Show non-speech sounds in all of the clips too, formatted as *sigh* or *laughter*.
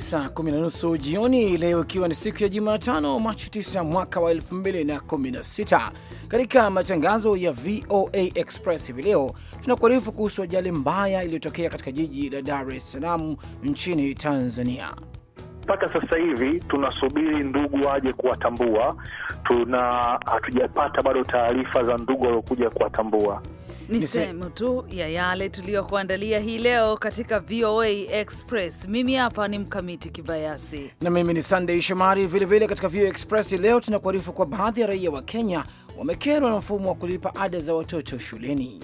saa kumi na nusu jioni leo, ikiwa ni siku ya Jumatano, Machi 9 mwaka wa 2016. Katika matangazo ya VOA Express hivi leo, tunakuarifu kuhusu ajali mbaya iliyotokea katika jiji la Dar es Salaam nchini Tanzania. Mpaka sasa hivi tunasubiri ndugu aje kuwatambua, tuna hatujapata bado taarifa za ndugu waliokuja kuwatambua ni sehemu tu ya yale tuliyokuandalia hii leo katika VOA Express. Mimi hapa ni Mkamiti Kibayasi na mimi ni Sunday Shomari. Vilevile katika VOA Express leo tunakuarifu kwa baadhi ya raia wa Kenya wamekerwa na mfumo wa kulipa ada za watoto shuleni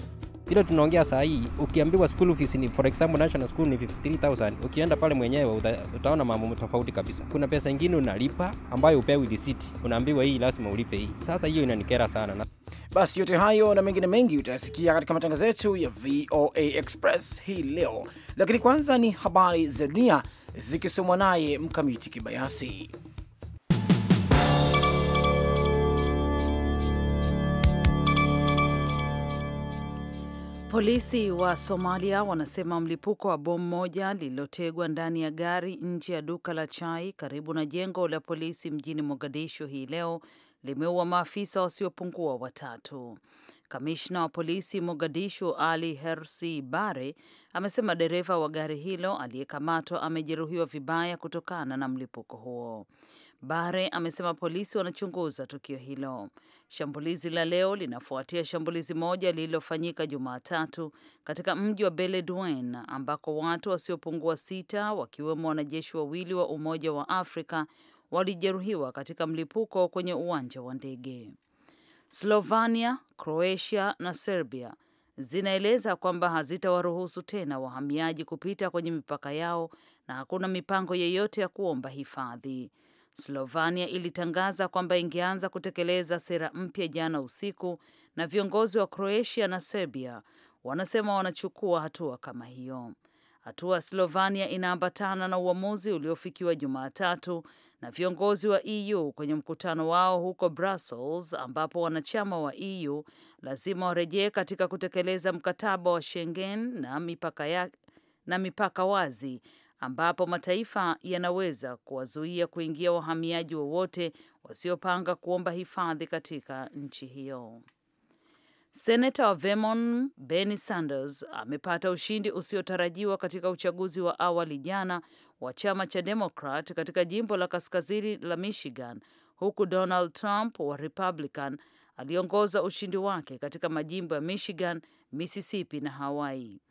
ile tunaongea saa hii, ukiambiwa school fees ni for example national school ni 53000 ukienda pale mwenyewe uta, utaona mambo tofauti kabisa. Kuna pesa nyingine unalipa ambayo upewi risiti, unaambiwa hii lazima ulipe hii. Sasa hiyo inanikera sana na... Basi yote hayo na mengine mengi utayasikia katika matangazo yetu ya VOA Express hii leo, lakini kwanza ni habari za dunia zikisomwa naye Mkamiti Kibayasi. Polisi wa Somalia wanasema mlipuko wa bomu moja lililotegwa ndani ya gari nje ya duka la chai karibu na jengo la polisi mjini Mogadishu hii leo limeua maafisa wasiopungua watatu. Kamishna wa polisi Mogadishu Ali Hersi Bare amesema dereva wa gari hilo aliyekamatwa amejeruhiwa vibaya kutokana na mlipuko huo. Bare amesema polisi wanachunguza tukio hilo. Shambulizi la leo linafuatia shambulizi moja lililofanyika Jumatatu katika mji wa Beledweyne ambako watu wasiopungua sita wakiwemo wanajeshi wawili wa Umoja wa Afrika walijeruhiwa katika mlipuko kwenye uwanja wa ndege. Slovenia, Croatia na Serbia zinaeleza kwamba hazitawaruhusu tena wahamiaji kupita kwenye mipaka yao na hakuna mipango yeyote ya kuomba hifadhi. Slovenia ilitangaza kwamba ingeanza kutekeleza sera mpya jana usiku, na viongozi wa Croatia na Serbia wanasema wanachukua hatua kama hiyo. Hatua ya Slovenia inaambatana na uamuzi uliofikiwa Jumatatu na viongozi wa EU kwenye mkutano wao huko Brussels, ambapo wanachama wa EU lazima warejee katika kutekeleza mkataba wa Schengen na mipaka ya, na mipaka wazi ambapo mataifa yanaweza kuwazuia kuingia wahamiaji wowote wa wasiopanga kuomba hifadhi katika nchi hiyo. Senata wa Vermont Bernie Sanders amepata ushindi usiotarajiwa katika uchaguzi wa awali jana wa chama cha Demokrat katika jimbo la kaskazini la Michigan, huku Donald Trump wa Republican aliongoza ushindi wake katika majimbo ya Michigan, Mississippi na Hawaii.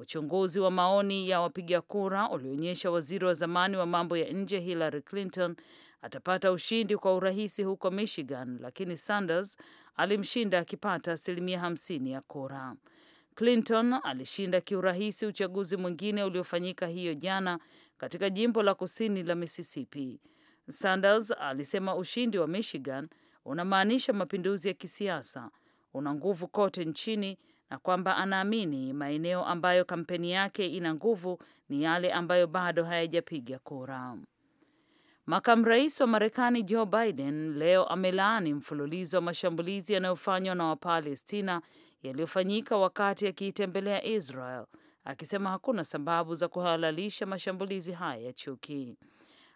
Uchunguzi wa maoni ya wapiga kura ulionyesha waziri wa zamani wa mambo ya nje Hillary Clinton atapata ushindi kwa urahisi huko Michigan, lakini Sanders alimshinda akipata asilimia 50 ya kura. Clinton alishinda kiurahisi uchaguzi mwingine uliofanyika hiyo jana katika jimbo la kusini la Mississippi. Sanders alisema ushindi wa Michigan unamaanisha mapinduzi ya kisiasa, una nguvu kote nchini na kwamba anaamini maeneo ambayo kampeni yake ina nguvu ni yale ambayo bado hayajapiga kura. Makamu rais wa Marekani Joe Biden leo amelaani mfululizo wa mashambulizi yanayofanywa na Wapalestina yaliyofanyika wakati akiitembelea Israel, akisema hakuna sababu za kuhalalisha mashambulizi haya ya chuki.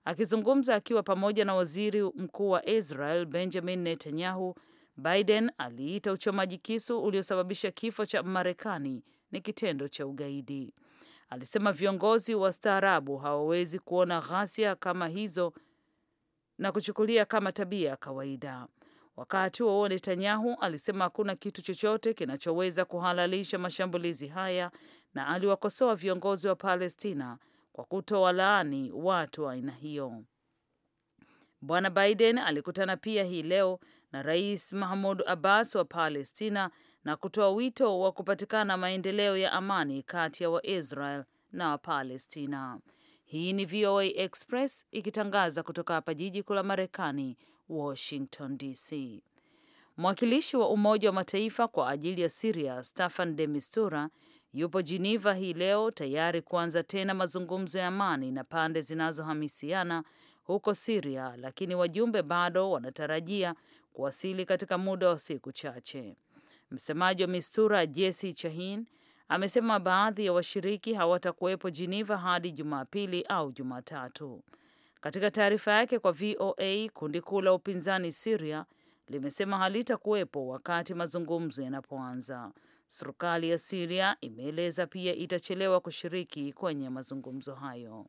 Akizungumza akiwa pamoja na waziri mkuu wa Israel Benjamin Netanyahu Biden aliita uchomaji kisu uliosababisha kifo cha Marekani ni kitendo cha ugaidi. Alisema viongozi wa staarabu hawawezi kuona ghasia kama hizo na kuchukulia kama tabia ya kawaida. Wakati huo Netanyahu alisema hakuna kitu chochote kinachoweza kuhalalisha mashambulizi haya, na aliwakosoa viongozi wa Palestina kwa kutoa laani watu wa aina hiyo. Bwana Biden alikutana pia hii leo na Rais Mahmud Abbas wa Palestina na kutoa wito wa kupatikana maendeleo ya amani kati ya Waisrael na Wapalestina. Hii ni VOA Express ikitangaza kutoka hapa jiji kuu la Marekani, Washington DC. Mwakilishi wa Umoja wa Mataifa kwa ajili ya Siria Staffan de Mistura yupo Geneva hii leo tayari kuanza tena mazungumzo ya amani na pande zinazohamisiana huko Siria, lakini wajumbe bado wanatarajia kuwasili katika muda wa siku chache. Msemaji wa Mistura Jesse Chahin amesema baadhi ya washiriki hawatakuwepo Geneva hadi Jumapili au Jumatatu. Katika taarifa yake kwa VOA, kundi kuu la upinzani Syria limesema halitakuwepo wakati mazungumzo yanapoanza. Serikali ya Syria imeeleza pia itachelewa kushiriki kwenye mazungumzo hayo.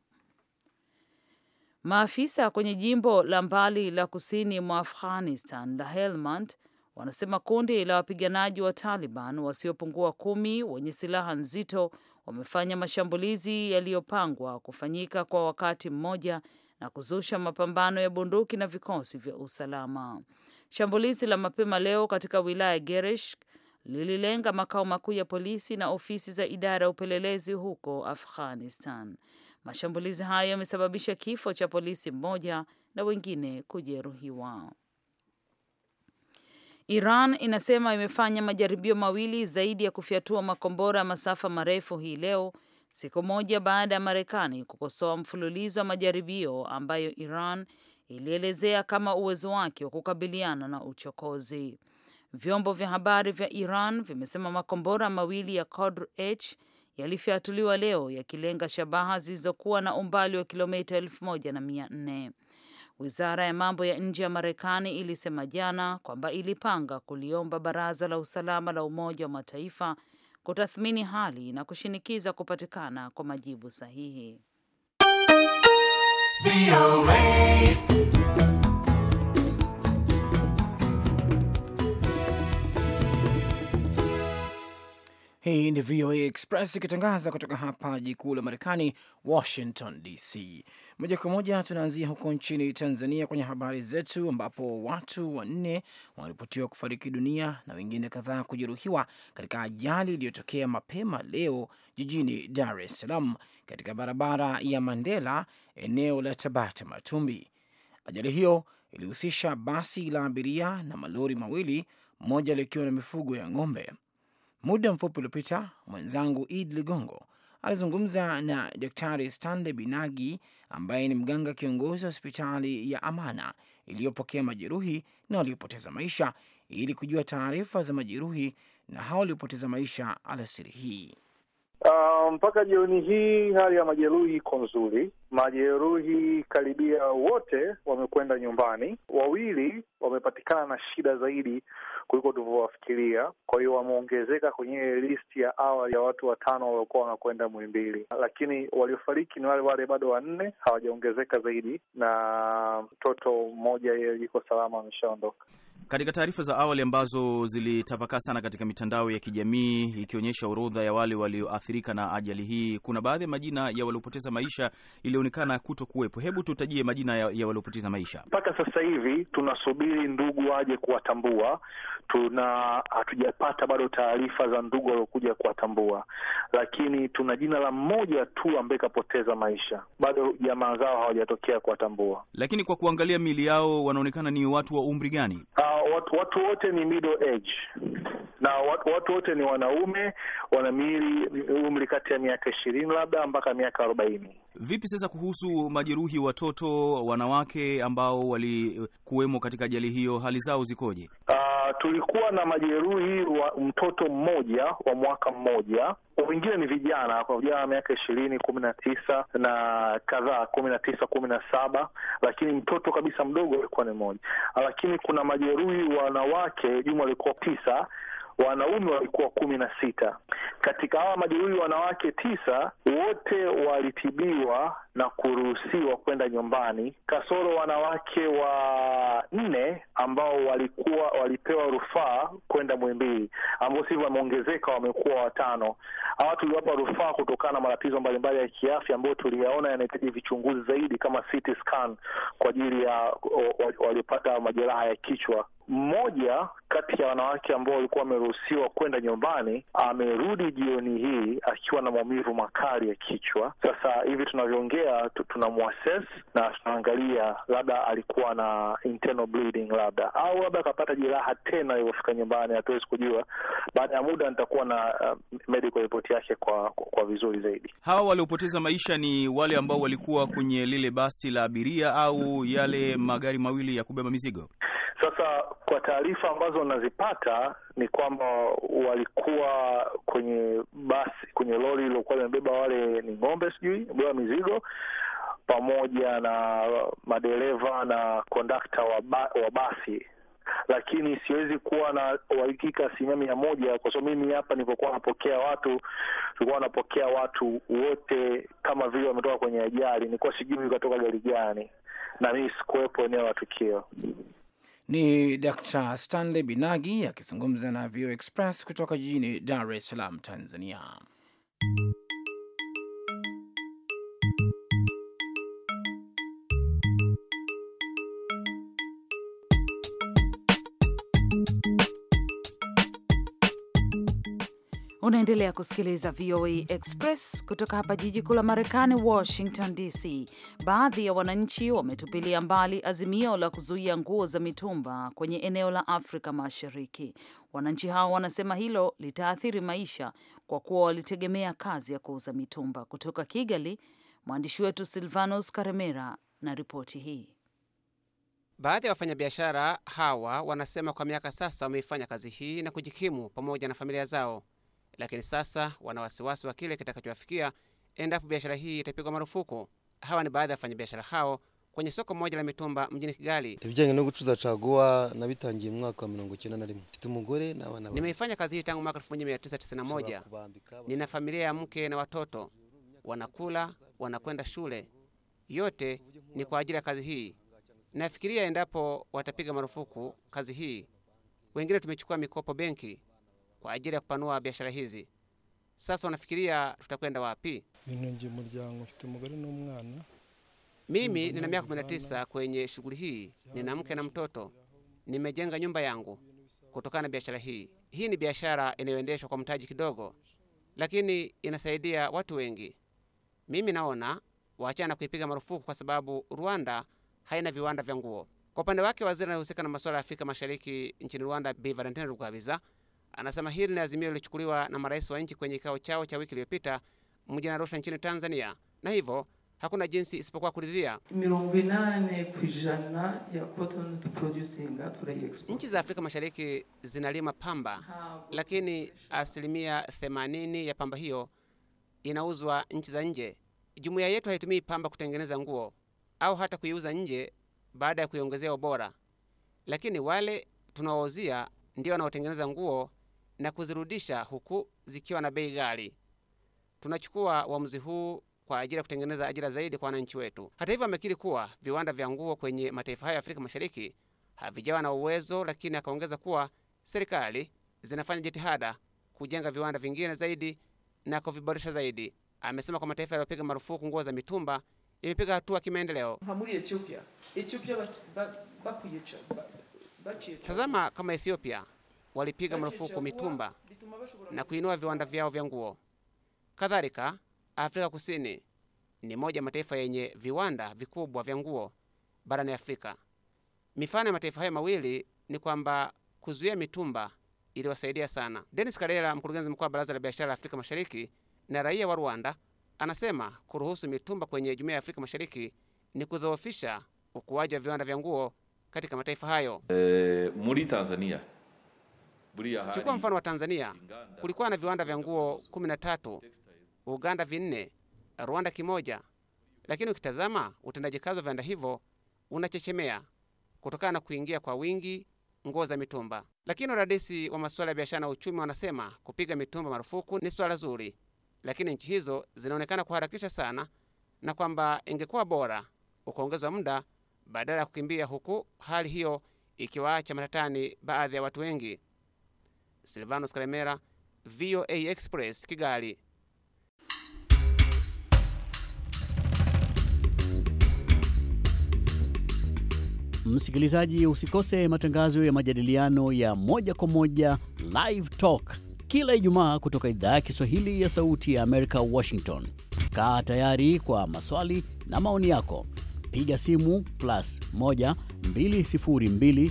Maafisa kwenye jimbo la mbali la kusini mwa Afghanistan la Helmand wanasema kundi la wapiganaji wa Taliban wasiopungua kumi wenye silaha nzito wamefanya mashambulizi yaliyopangwa kufanyika kwa wakati mmoja na kuzusha mapambano ya bunduki na vikosi vya usalama. Shambulizi la mapema leo katika wilaya ya Geresh lililenga makao makuu ya polisi na ofisi za idara ya upelelezi huko Afghanistan. Mashambulizi hayo yamesababisha kifo cha polisi mmoja na wengine kujeruhiwa. Iran inasema imefanya majaribio mawili zaidi ya kufyatua makombora ya masafa marefu hii leo, siku moja baada ya Marekani kukosoa mfululizo wa majaribio ambayo Iran ilielezea kama uwezo wake wa kukabiliana na uchokozi. Vyombo vya habari vya Iran vimesema makombora mawili ya Qadr H yalifyatuliwa leo yakilenga shabaha zilizokuwa na umbali wa kilomita elfu moja na mia nne. Wizara ya mambo ya nje ya Marekani ilisema jana kwamba ilipanga kuliomba Baraza la Usalama la Umoja wa Mataifa kutathmini hali na kushinikiza kupatikana kwa majibu sahihi. Hii ni VOA Express ikitangaza kutoka hapa jikuu la Marekani, Washington DC. Moja kwa moja tunaanzia huko nchini Tanzania kwenye habari zetu, ambapo watu wanne wanaripotiwa kufariki dunia na wengine kadhaa kujeruhiwa katika ajali iliyotokea mapema leo jijini Dar es Salaam, katika barabara ya Mandela, eneo la Tabata Matumbi. Ajali hiyo ilihusisha basi la abiria na malori mawili, moja likiwa na mifugo ya ng'ombe Muda mfupi uliopita mwenzangu Id Ligongo alizungumza na Daktari Stanley Binagi ambaye ni mganga kiongozi wa hospitali ya Amana iliyopokea majeruhi na waliopoteza maisha ili kujua taarifa za majeruhi na hao waliopoteza maisha alasiri hii. Uh, mpaka jioni hii hali ya majeruhi iko nzuri, Majeruhi karibia wote wamekwenda nyumbani, wawili wamepatikana na shida zaidi kuliko tulivyowafikiria, kwa hiyo wameongezeka kwenye listi ya awali ya watu watano waliokuwa wanakwenda Muhimbili, lakini waliofariki ni wale wale bado wanne, hawajaongezeka zaidi, na mtoto mmoja yeye yuko salama, ameshaondoka. Katika taarifa za awali ambazo zilitapakaa sana katika mitandao ya kijamii ikionyesha orodha ya wale walioathirika na ajali hii, kuna baadhi ya majina ya waliopoteza maisha ilionekana kuto kuwepo. Hebu tutajie majina ya, ya waliopoteza maisha. Mpaka sasa hivi tunasubiri ndugu waje kuwatambua, tuna hatujapata bado taarifa za ndugu waliokuja kuwatambua, lakini tuna jina la mmoja tu ambaye kapoteza maisha, bado jamaa zao hawajatokea kuwatambua. Lakini kwa kuangalia mili yao wanaonekana ni watu wa umri gani? Aa, ah, watu, watu wote ni middle age na watu wote ni wanaume wana miili umri kati ya miaka ishirini labda mpaka miaka arobaini. Vipi sasa kuhusu majeruhi, watoto, wanawake ambao walikuwemo katika ajali hiyo, hali zao zikoje? Uh, tulikuwa na majeruhi wa mtoto mmoja wa mwaka mmoja, wengine ni vijana, kwa vijana wa miaka ishirini, kumi na tisa na kadhaa, kumi na tisa, kumi na saba, lakini mtoto kabisa mdogo alikuwa ni mmoja. Lakini kuna majeruhi wanawake, jumla walikuwa tisa wanaume walikuwa kumi na sita. Katika hawa majeruhi wanawake tisa wote walitibiwa na kuruhusiwa kwenda nyumbani, kasoro wanawake wa nne ambao walikuwa walipewa rufaa kwenda mwimbili ambao sivyo wameongezeka, wamekuwa watano. Hawa tuliwapa rufaa kutokana na matatizo mbalimbali ya kiafya ambayo tuliyaona yanahitaji vichunguzi zaidi kama CT scan kwa ajili ya waliopata majeraha ya kichwa. Mmoja kati ya wanawake ambao walikuwa wameruhusiwa kwenda nyumbani amerudi jioni hii akiwa na maumivu makali ya kichwa. Sasa hivi tunavyoongea tukitokea tuna na tunaangalia labda alikuwa na internal bleeding labda au labda akapata jeraha tena alivyofika nyumbani, hatuwezi kujua. Baada ya muda nitakuwa na uh, medical report yake kwa, kwa, kwa vizuri zaidi. Hawa waliopoteza maisha ni wale ambao walikuwa kwenye lile basi la abiria au yale magari mawili ya kubeba mizigo. Sasa kwa taarifa ambazo nazipata ni kwamba walikuwa kwenye basi, kwenye lori lilokuwa limebeba wale ni ng'ombe, sijui beba mizigo, pamoja na madereva na kondakta wa, ba, wa basi lakini siwezi kuwa na uhakika asilimia mia moja kwa sababu mimi hapa nilipokuwa napokea watu tulikuwa napokea watu wote kama vile wametoka kwenye ajali, nilikuwa sijui ikatoka gari gani, na mii sikuwepo eneo la tukio. Ni Dr. Stanley Binagi akizungumza na vo Express kutoka jijini Dar es Salaam, Tanzania. Unaendelea kusikiliza VOA Express kutoka hapa jiji kuu la Marekani, Washington DC. Baadhi ya wananchi wametupilia mbali azimio la kuzuia nguo za mitumba kwenye eneo la Afrika Mashariki. Wananchi hao wanasema hilo litaathiri maisha kwa kuwa walitegemea kazi ya kuuza mitumba. Kutoka Kigali, mwandishi wetu silvanos Karemera na ripoti hii. Baadhi ya wafanyabiashara hawa wanasema kwa miaka sasa wameifanya kazi hii na kujikimu pamoja na familia zao lakini sasa wana wasiwasi wa kile kitakachowafikia endapo biashara hii itapigwa marufuku. Hawa ni baadhi ya wafanyabiashara hao kwenye soko moja la mitumba mjini Kigali. Nimeifanya kazi hii tangu mwaka 1991. Nina familia ya mke na watoto, wanakula wanakwenda shule, yote ni kwa ajili ya kazi hii. Nafikiria endapo watapiga marufuku kazi hii, wengine tumechukua mikopo benki kwa ajili ya kupanua biashara hizi. Sasa wanafikiria tutakwenda wapi? Mimi nina miaka 19 kwenye shughuli hii, nina mke na mtoto, nimejenga nyumba yangu kutokana na biashara hii. Hii ni biashara inayoendeshwa kwa mtaji kidogo, lakini inasaidia watu wengi. Mimi naona waachana kuipiga marufuku kwa sababu Rwanda haina viwanda vya nguo. Kwa upande wake, waziri anayehusika na masuala ya Afrika Mashariki nchini Rwanda, Bi Valentine Rugwabiza Anasema hili ni azimio lilichukuliwa na marais wa nchi kwenye kikao chao cha wiki iliyopita mjini Arusha nchini Tanzania, na hivyo hakuna jinsi isipokuwa kuridhia. Nchi za Afrika Mashariki zinalima pamba, lakini asilimia 80 ya pamba hiyo inauzwa nchi za nje. Jumuiya yetu haitumii pamba kutengeneza nguo au hata kuiuza nje baada ya kuiongezea ubora, lakini wale tunawauzia ndio wanaotengeneza nguo na kuzirudisha huku zikiwa na bei ghali. Tunachukua uamuzi huu kwa ajili ya kutengeneza ajira zaidi kwa wananchi wetu. Hata hivyo, amekiri kuwa viwanda vya nguo kwenye mataifa hayo ya Afrika Mashariki havijawa na uwezo, lakini akaongeza kuwa serikali zinafanya jitihada kujenga viwanda vingine zaidi na kuviboresha zaidi. Amesema kwa mataifa yaliyopiga marufuku nguo za mitumba imepiga hatua kimaendeleo. Tazama kama Ethiopia walipiga marufuku mitumba na kuinua viwanda vyao vya nguo. Kadhalika, Afrika Kusini ni moja mataifa yenye viwanda vikubwa vya nguo barani Afrika. Mifano ya mataifa hayo mawili ni kwamba kuzuia mitumba iliwasaidia sana. Dennis Karera, mkurugenzi mkuu wa Baraza la Biashara la Afrika Mashariki na raia wa Rwanda, anasema kuruhusu mitumba kwenye Jumuiya ya Afrika Mashariki ni kudhoofisha ukuaji wa viwanda vya nguo katika mataifa hayo. E, muri Tanzania Chukua mfano wa Tanzania, kulikuwa na viwanda vya nguo 13, Uganda vinne, Rwanda kimoja, lakini ukitazama utendaji kazi wa viwanda hivyo unachechemea kutokana na kuingia kwa wingi nguo za mitumba. Lakini wadadisi wa masuala ya biashara na uchumi wanasema kupiga mitumba marufuku ni swala zuri, lakini nchi hizo zinaonekana kuharakisha sana na kwamba ingekuwa bora ukaongezwa muda badala ya kukimbia, huku hali hiyo ikiwaacha matatani baadhi ya watu wengi. Silvanos Karemera, VOA Express, Kigali. Msikilizaji, usikose matangazo ya majadiliano ya moja kwa moja Live Talk kila Ijumaa kutoka idhaa ya Kiswahili ya Sauti ya Amerika, Washington. Kaa tayari kwa maswali na maoni yako, piga simu plus 1 202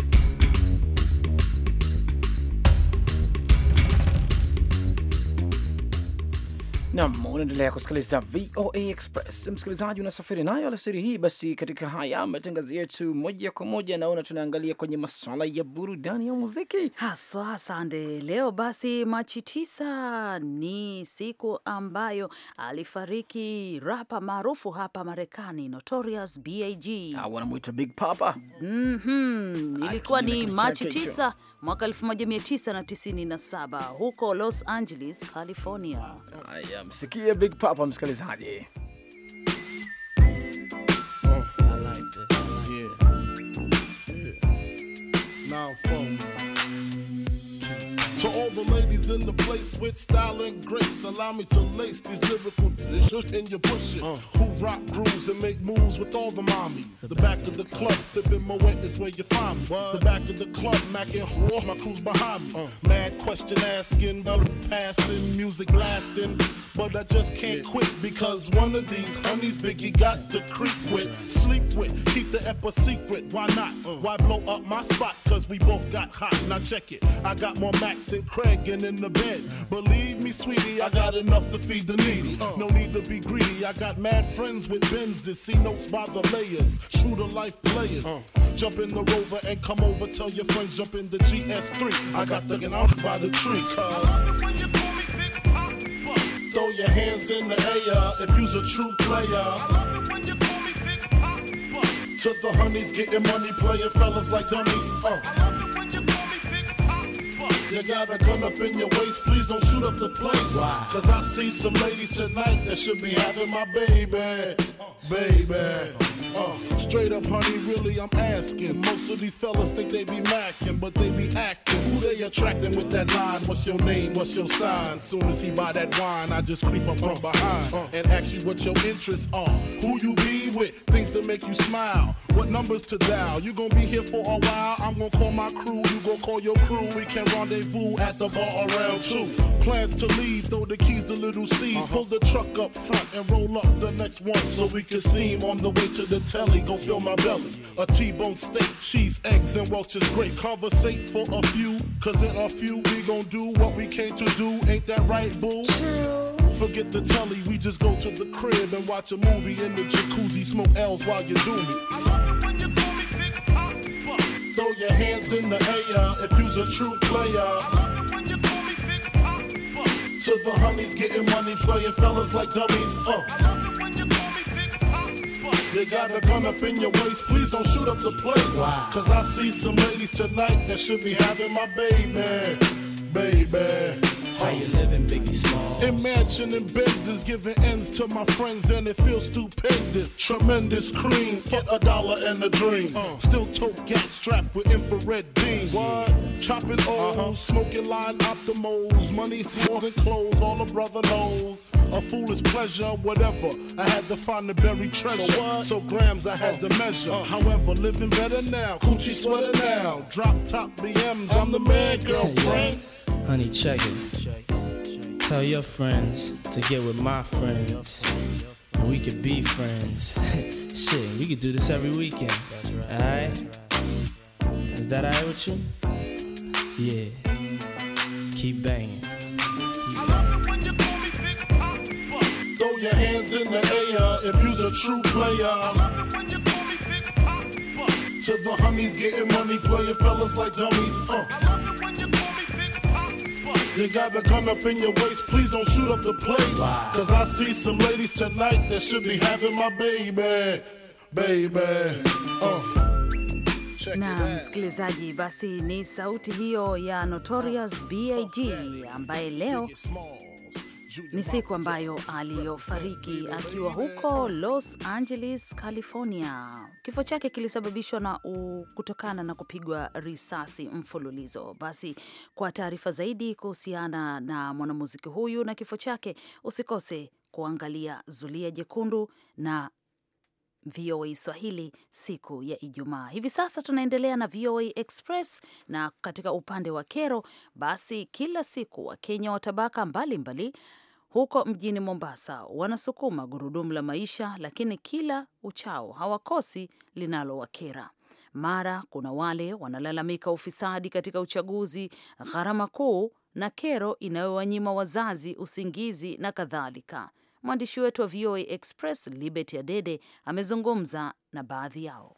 Nam, unaendelea kusikiliza VOA Express. Msikilizaji, unasafiri nayo alasiri hii. Basi katika haya matangazo yetu moja kwa moja, naona tunaangalia kwenye maswala ya burudani ya muziki haswa. Sande, leo basi Machi tisa ni siku ambayo alifariki rapa maarufu hapa Marekani, Notorious B.I.G. Ah, wanamwita Big Papa. Mm -hmm. Ilikuwa ni Machi tisa mwaka 1997 huko Los Angeles, California. Haya, msikie Big Papa msikilizaji. Oh, I like the ladies in the place with style and grace. Allow me to lace these lyrical tissues in your bushes. Uh. Who rock grooves and make moves with all the mommies. The back of the club, sipping my wet is where you find me. What? The back of the club, macking whore, my crew's behind me. Uh. Mad question asking, the passing, music blasting. But I just can't yeah. quit because one of these honeys Biggie got to creep with, sleep with, keep the ep secret. Why not? Uh. Why blow up my spot? Cause we both got hot. Now check it. I got more Mac than Chris in the bed. Believe me, sweetie, I got enough to feed the needy. No need to be greedy. I got mad friends with Benzes, see notes by the layers, true to life players. Jump in the rover and come over. Tell your friends jump in the GS3. I got the out by the tree. throw your hands in the air if you's a true player. To the honeys, getting money, playing fellas like dummies. Uh. I love it when you call me Big Pop. You got a gun up in your waist, please don't shoot up the place. Why? Cause I see some ladies tonight that should be having my baby. Baby. Uh, straight up, honey, really, I'm asking. Most of these fellas think they be macking, but they be acting. Who they attracting with that line? What's your name? What's your sign? Soon as he buy that wine, I just creep up from behind uh, and ask you what your interests are. Who you be with? Things that make you smile. What numbers to dial? You gonna be here for a while? I'm gonna call my crew. You gonna call your crew. We can rendezvous at the bar around 2. Plans to leave, throw the keys to little C's. Uh-huh. Pull the truck up front and roll up the next one so we can steam on the way to the telly. Go fill my belly. A T-bone steak, cheese, eggs, and Welch's grape. Conversate for a few, cause in a few we gon' do what we came to do. Ain't that right, boo? True. Forget the telly, we just go to the crib and watch a movie in the jacuzzi. Smoke L's while you do me in the air if you's a true player. To the honeys getting money, playing fellas like dummies. Uh. You got a gun up in your waist, please don't shoot up the place. Wow. Cause I see some ladies tonight that should be having my baby, baby. How you living, Biggie Small? Benz is giving ends to my friends, and it feels stupendous. Tremendous cream, fuck a dollar and a dream. Uh. Still tote gas strapped with infrared beams. What? Chopping O's, uh-huh. smoking line optimals, money, floors, and clothes. All a brother knows. A foolish pleasure, whatever. I had to find the buried treasure. So, so grams I had uh. to measure. Uh. However, living better now. Coochie sweater now. Drop top BMs, I'm the man, girlfriend. Honey, check it. Tell your friends to get with my friends. We could be friends. *laughs* Shit, we could do this every weekend. Alright? Is that alright with you? Yeah. Keep banging. Throw your hands in the air if you's a true player I love it when you call me to the homies, getting money, playing fellas like dummies. Uh. You got the gun up in your waist, please don't shoot up the place. Cause I see some ladies tonight that should be having my baby, baby. Uh. Na msikilizaji, basi ni sauti hiyo ya Notorious B.I.G ambaye leo ni siku ambayo aliyofariki akiwa huko Los Angeles, California. Kifo chake kilisababishwa na kutokana na kupigwa risasi mfululizo. Basi kwa taarifa zaidi kuhusiana na mwanamuziki huyu na kifo chake, usikose kuangalia Zulia Jekundu na VOA Swahili siku ya Ijumaa. Hivi sasa tunaendelea na VOA Express na katika upande wa kero, basi kila siku Wakenya wa tabaka mbalimbali huko mjini Mombasa wanasukuma gurudumu la maisha, lakini kila uchao hawakosi linalowakera. Mara kuna wale wanalalamika ufisadi katika uchaguzi, gharama kuu na kero inayowanyima wazazi usingizi na kadhalika. Mwandishi wetu wa VOA Express Liberty Adede amezungumza na baadhi yao.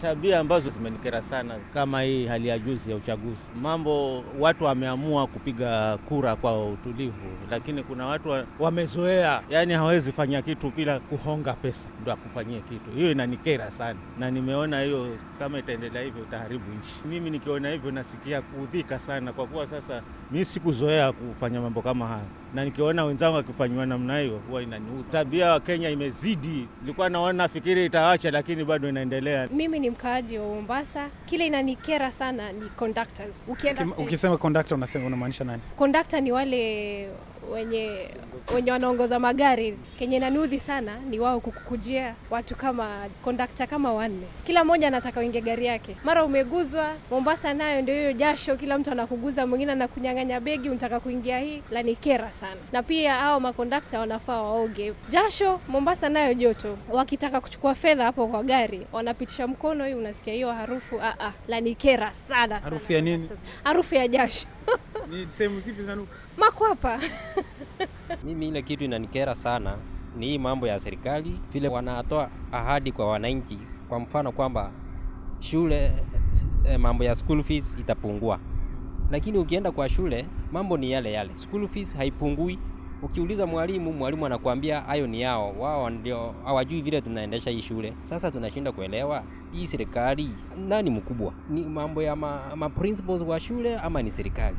Tabia ambazo zimenikera sana kama hii hali ya juzi ya uchaguzi, mambo watu wameamua kupiga kura kwa utulivu, lakini kuna watu wamezoea, yani hawezi fanya kitu bila kuhonga pesa ndo akufanyie kitu. Hiyo inanikera sana, na nimeona hiyo kama itaendelea hivyo itaharibu nchi. Mimi nikiona hivyo nasikia kuudhika sana, kwa kuwa sasa mi sikuzoea kufanya mambo kama haya na nikiona wenzangu wakifanywa namna hiyo huwa inaniudhi. Tabia wa Kenya imezidi, nilikuwa naona fikiri itaacha, lakini bado inaendelea. Mimi ni mkaaji wa Mombasa, kile inanikera sana ni conductors. Ukienda ukisema conductor unasema unamaanisha nani? Conductor ni wale wenye wenye wanaongoza magari, kenye nanudhi sana ni wao kukukujia watu kama kondakta kama wanne, kila mmoja anataka uingie gari yake. Mara umeguzwa Mombasa, nayo ndio hiyo jasho, kila mtu anakuguza, mwingine anakunyang'anya begi, unataka kuingia hii, la sana. Na pia hao makondakta wanafaa waoge jasho. Mombasa nayo joto, wakitaka kuchukua fedha hapo kwa gari wanapitisha mkono, hii unasikia hiyo harufu. Ah, ah, la sana, harufu ya nini? Harufu ya jasho *laughs* Ni sehemu zipi za nuka? Makwapa. *laughs* Mimi ile kitu inanikera sana ni hii mambo ya serikali, vile wanatoa ahadi kwa wananchi, kwa mfano kwamba shule eh, mambo ya school fees itapungua, lakini ukienda kwa shule mambo ni yale yale, school fees haipungui. Ukiuliza mwalimu, mwalimu anakuambia hayo ni yao, wao ndio hawajui vile tunaendesha hii shule. Sasa tunashinda kuelewa hii serikali, nani mkubwa? Ni mambo ya ma, ma principals wa shule ama ni serikali?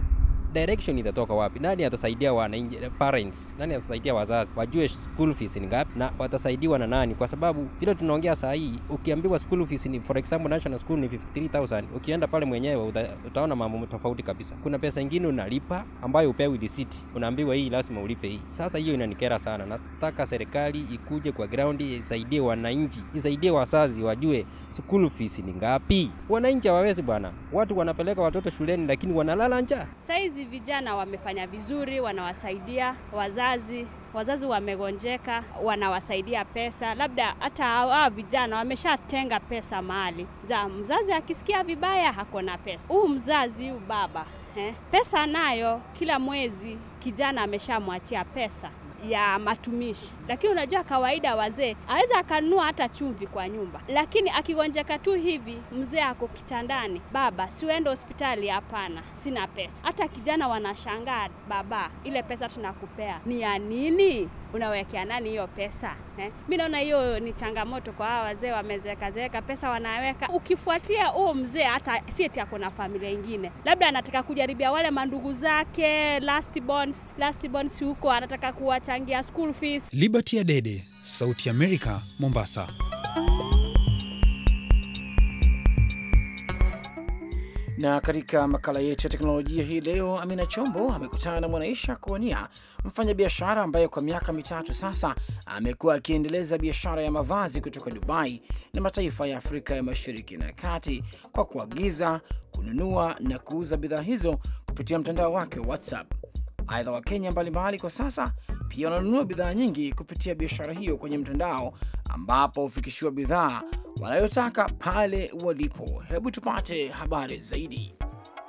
direction itatoka wapi? Nani atasaidia wana, parents? Nani atasaidia wazazi wajue school fees ni ngapi na watasaidiwa na nani? Kwa sababu vile tunaongea saa hii, ukiambiwa school fees ni for example national school ni 53000 ukienda pale mwenyewe uta, utaona mambo tofauti kabisa. Kuna pesa nyingine unalipa ambayo upewi risiti, unaambiwa hii lazima ulipe hii. Sasa hiyo inanikera sana. Nataka serikali ikuje kwa ground isaidie wananchi, isaidie wazazi wajue school fees ni ngapi. Wananchi hawawezi bwana, watu wanapeleka watoto shuleni lakini wanalala njaa saizi hizi vijana wamefanya vizuri, wanawasaidia wazazi. Wazazi wamegonjeka, wanawasaidia pesa, labda hata hawa vijana wameshatenga pesa mahali za mzazi. Akisikia vibaya, na pesa, huu mzazi huu baba eh, pesa nayo kila mwezi kijana ameshamwachia pesa ya matumishi. Lakini unajua kawaida, wazee aweza akanunua hata chumvi kwa nyumba, lakini akigonjeka tu hivi, mzee ako kitandani, baba siwende hospitali, hapana, sina pesa. Hata kijana wanashangaa, baba, ile pesa tunakupea ni ya nini? unawekea nani hiyo pesa eh? Mi naona hiyo ni changamoto kwa hawa wazee wamezeekazeeka, pesa wanaweka. Ukifuatia huo mzee, hata si eti ako na familia ingine, labda anataka kujaribia wale mandugu zake last bonds, last bonds huko anataka kuwachangia school fees. Liberty Adede, Sauti mombasa Amerika, Mombasa. Na katika makala yetu ya teknolojia hii leo, Amina Chombo amekutana na Mwanaisha Kuania, mfanyabiashara ambaye kwa miaka mitatu sasa amekuwa akiendeleza biashara ya mavazi kutoka Dubai na mataifa ya Afrika ya Mashariki na Kati kwa kuagiza, kununua na kuuza bidhaa hizo kupitia mtandao wake WhatsApp. Aidha, Wakenya mbalimbali kwa sasa pia wananunua bidhaa nyingi kupitia biashara hiyo kwenye mtandao, ambapo hufikishiwa bidhaa wanayotaka pale walipo. Hebu tupate habari zaidi.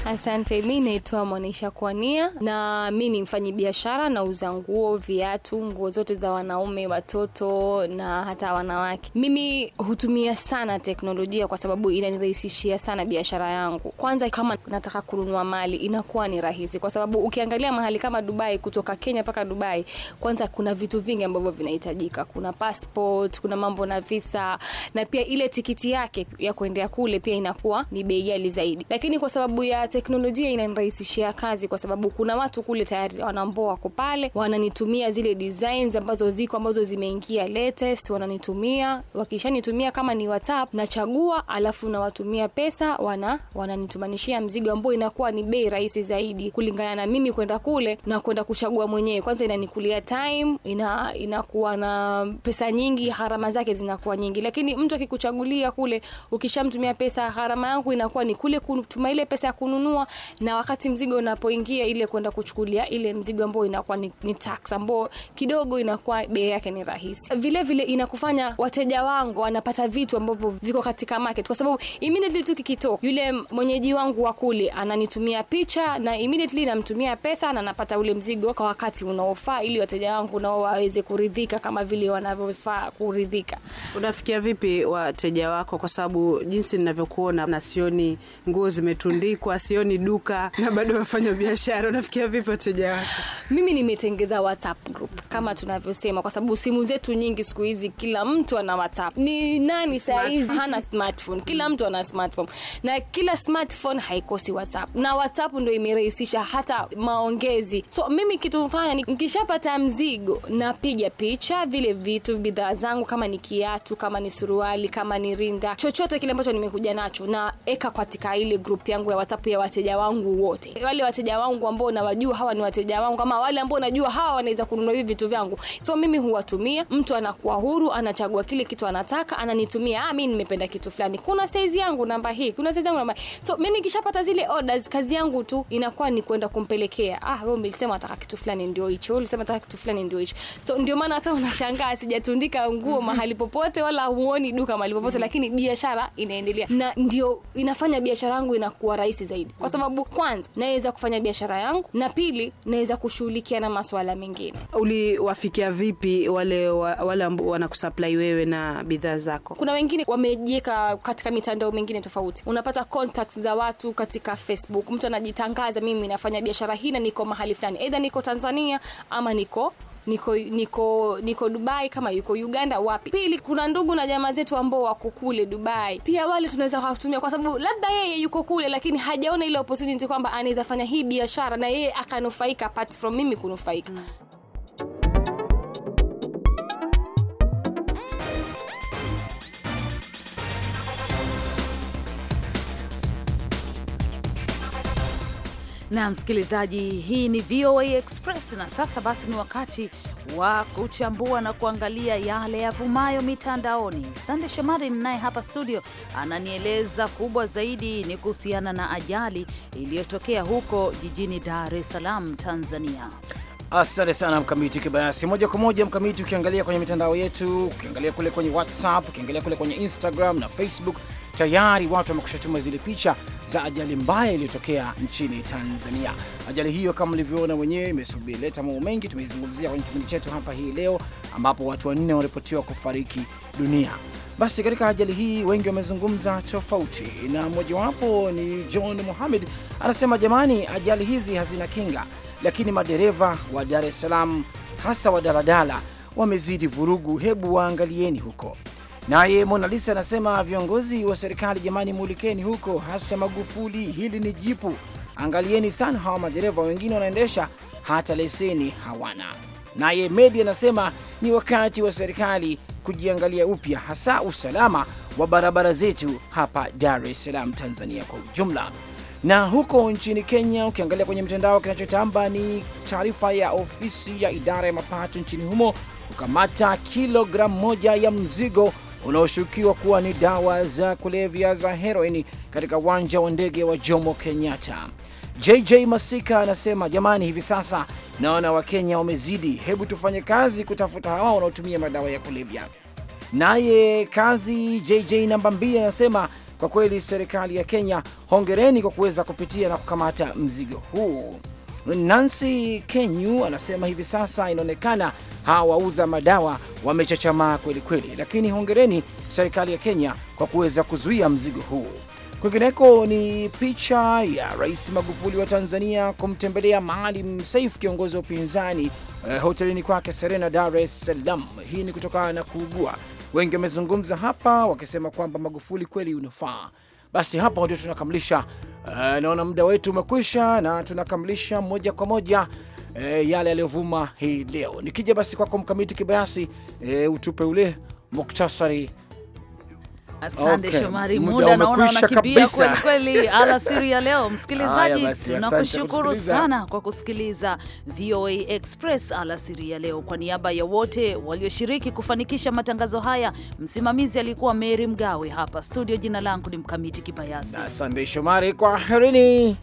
Asante, mi naitwa Mwanisha Kwania na mi ni biashara nauza nguo, viatu, nguo zote za wanaume, watoto na hata wanawake. Mimi hutumia sana teknolojia kwa sababu inanirahisishia sana biashara yangu. Kwanza, kama nataka kununua mali inakuwa ni rahisi, kwa sababu ukiangalia mahali kama Dubai, kutoka Kenya mpaka Dubai, kwanza kuna vitu vingi ambavyo vinahitajika. Kuna passport, kuna mambo na visa, na pia ile tikiti yake ya kuendea kule pia inakuwa ni bei ghali zaidi, lakini kwa sababu ya teknolojia inanirahisishia kazi kwa sababu kuna watu kule tayari wanamboa wako pale wananitumia zile designs ambazo ziko ambazo zimeingia latest wananitumia wakishanitumia kama ni whatsapp nachagua alafu nawatumia pesa wana wananitumanishia mzigo ambao inakuwa ni bei rahisi zaidi kulingana na mimi kwenda kule na kwenda kuchagua mwenyewe kwanza inanikulia time ina inakuwa na pesa nyingi harama zake zinakuwa nyingi lakini mtu akikuchagulia kule ukishamtumia pesa harama yangu inakuwa ni kule kutuma ile pesa ya kununua kununua na wakati mzigo unapoingia ile kwenda kuchukulia ile mzigo ambao inakuwa ni, ni tax ambao kidogo inakuwa bei yake ni rahisi vile vile inakufanya wateja wangu wanapata vitu ambavyo viko katika market kwa sababu immediately tu kikito yule mwenyeji wangu wa kule ananitumia picha na immediately namtumia pesa na napata ule mzigo kwa wakati unaofaa ili wateja wangu nao waweze kuridhika kama vile wanavyofaa kuridhika unafikia vipi wateja wako kwa sababu jinsi ninavyokuona na sioni nguo zimetundikwa sioni duka na bado wafanya biashara, unafikia vipi wateja wako? Mimi nimetengeza WhatsApp group kama tunavyosema, kwa sababu simu zetu nyingi siku hizi kila mtu ana WhatsApp. Ni nani saa hizi hana smartphone? Kila mtu ana smartphone na kila smartphone haikosi WhatsApp, na WhatsApp ndio imerahisisha hata maongezi. So mimi kitu mfanya nikishapata mzigo, napiga picha vile vitu bidhaa zangu, kama ni kiatu, kama ni suruali, kama ni rinda, chochote kile ambacho nimekuja nacho, naeka katika ile group yangu ya WhatsApp ya wateja wangu wote. Wale wateja wangu ambao nawajua hawa ni wateja wangu, kama wale ambao najua hawa wanaweza kununua hivi vitu vyangu, so mimi huwatumia. Mtu anakuwa huru, anachagua kile kitu anataka, ananitumia. Ah, mimi nimependa kitu fulani, kuna size yangu namba hii, kuna size yangu namba So mimi nikishapata zile orders, kazi yangu tu inakuwa ni kwenda kumpelekea. Ah, wewe umesema nataka kitu fulani, ndio hicho. Ulisema nataka kitu fulani, ndio hicho. So ndio maana hata unashangaa sijatundika nguo mm-hmm. mahali popote, wala huoni duka mahali popote, mm-hmm. lakini biashara inaendelea na ndio inafanya biashara yangu inakuwa rahisi zaidi kwa sababu kwanza naweza kufanya biashara yangu na pili naweza kushughulikia na masuala mengine. Uliwafikia vipi wale wa, wale ambao wanakusupply wewe na bidhaa zako? Kuna wengine wamejieka katika mitandao mingine tofauti, unapata contact za watu katika Facebook, mtu anajitangaza, mimi nafanya biashara hii na niko mahali fulani, aidha niko Tanzania ama niko niko, niko, niko Dubai kama yuko Uganda wapi. Pili, kuna ndugu na jamaa zetu ambao wako kule Dubai, pia wale tunaweza kuwatumia, kwa sababu labda yeye yuko kule, lakini hajaona ile opportunity kwamba anaweza fanya hii biashara na yeye akanufaika apart from mimi kunufaika mm. na msikilizaji, hii ni VOA Express na sasa basi ni wakati wa kuchambua na kuangalia yale yavumayo mitandaoni. Sande Shomari ninaye hapa studio ananieleza kubwa zaidi ni kuhusiana na ajali iliyotokea huko jijini Dar es Salaam, Tanzania. Asante sana Mkamiti Kibayasi. Moja kwa moja Mkamiti, ukiangalia kwenye mitandao yetu, ukiangalia kule kwenye WhatsApp, ukiangalia kule kwenye Instagram na Facebook tayari watu wamekushatuma zile picha za ajali mbaya iliyotokea nchini Tanzania. Ajali hiyo kama ulivyoona wenyewe imesubileta mambo mengi, tumeizungumzia kwenye kipindi chetu hapa hii leo, ambapo watu wanne wanaripotiwa kufariki dunia. Basi katika ajali hii wengi wamezungumza tofauti, na mmojawapo ni John Muhamed, anasema jamani, ajali hizi hazina kinga, lakini madereva wa Dar es Salaam hasa wa daladala wamezidi vurugu, hebu waangalieni huko Naye Mona Lisa anasema viongozi wa serikali, jamani, mulikeni huko, hasa Magufuli, hili ni jipu, angalieni sana hawa madereva wengine wanaendesha hata leseni hawana. Naye Medi anasema ni wakati wa serikali kujiangalia upya, hasa usalama wa barabara zetu hapa Dar es Salaam, Tanzania kwa ujumla. Na huko nchini Kenya, ukiangalia kwenye mtandao, kinachotamba ni taarifa ya ofisi ya idara ya mapato nchini humo kukamata kilogramu moja ya mzigo unaoshukiwa kuwa ni dawa za kulevya za heroini katika uwanja wa ndege wa Jomo Kenyatta. JJ Masika anasema jamani, hivi sasa naona Wakenya wamezidi, hebu tufanye kazi kutafuta hawa wanaotumia madawa ya kulevya. Naye kazi JJ namba mbili anasema kwa kweli serikali ya Kenya hongereni kwa kuweza kupitia na kukamata mzigo huu. Nancy Kenyu anasema hivi sasa inaonekana hawa wauza madawa wamechachamaa kweli kweli, lakini hongereni serikali ya Kenya kwa kuweza kuzuia mzigo huu. Kwingineko ni picha ya Rais Magufuli wa Tanzania kumtembelea Maalim Seif, kiongozi wa upinzani eh, hotelini kwake Serena, Dar es Salaam. Hii ni kutokana na kuugua. Wengi wamezungumza hapa wakisema kwamba Magufuli kweli unafaa. Basi hapa ndio tunakamilisha Eh, naona muda wetu umekwisha na tunakamilisha moja kwa moja e, yale yaliyovuma hii leo. Nikija basi kwako Mkamiti Kibayasi, e, utupe ule muktasari Asante okay. Shomari, muda naona unakimbia kweli kweli *laughs* alasiri ya leo. Msikilizaji, tunakushukuru sana kwa kusikiliza VOA Express alasiri ya leo. Kwa niaba ya wote walioshiriki kufanikisha matangazo haya, msimamizi alikuwa Mary Mgawe, hapa studio jina langu ni Mkamiti Kibayasi na Sandey Shomari, herini.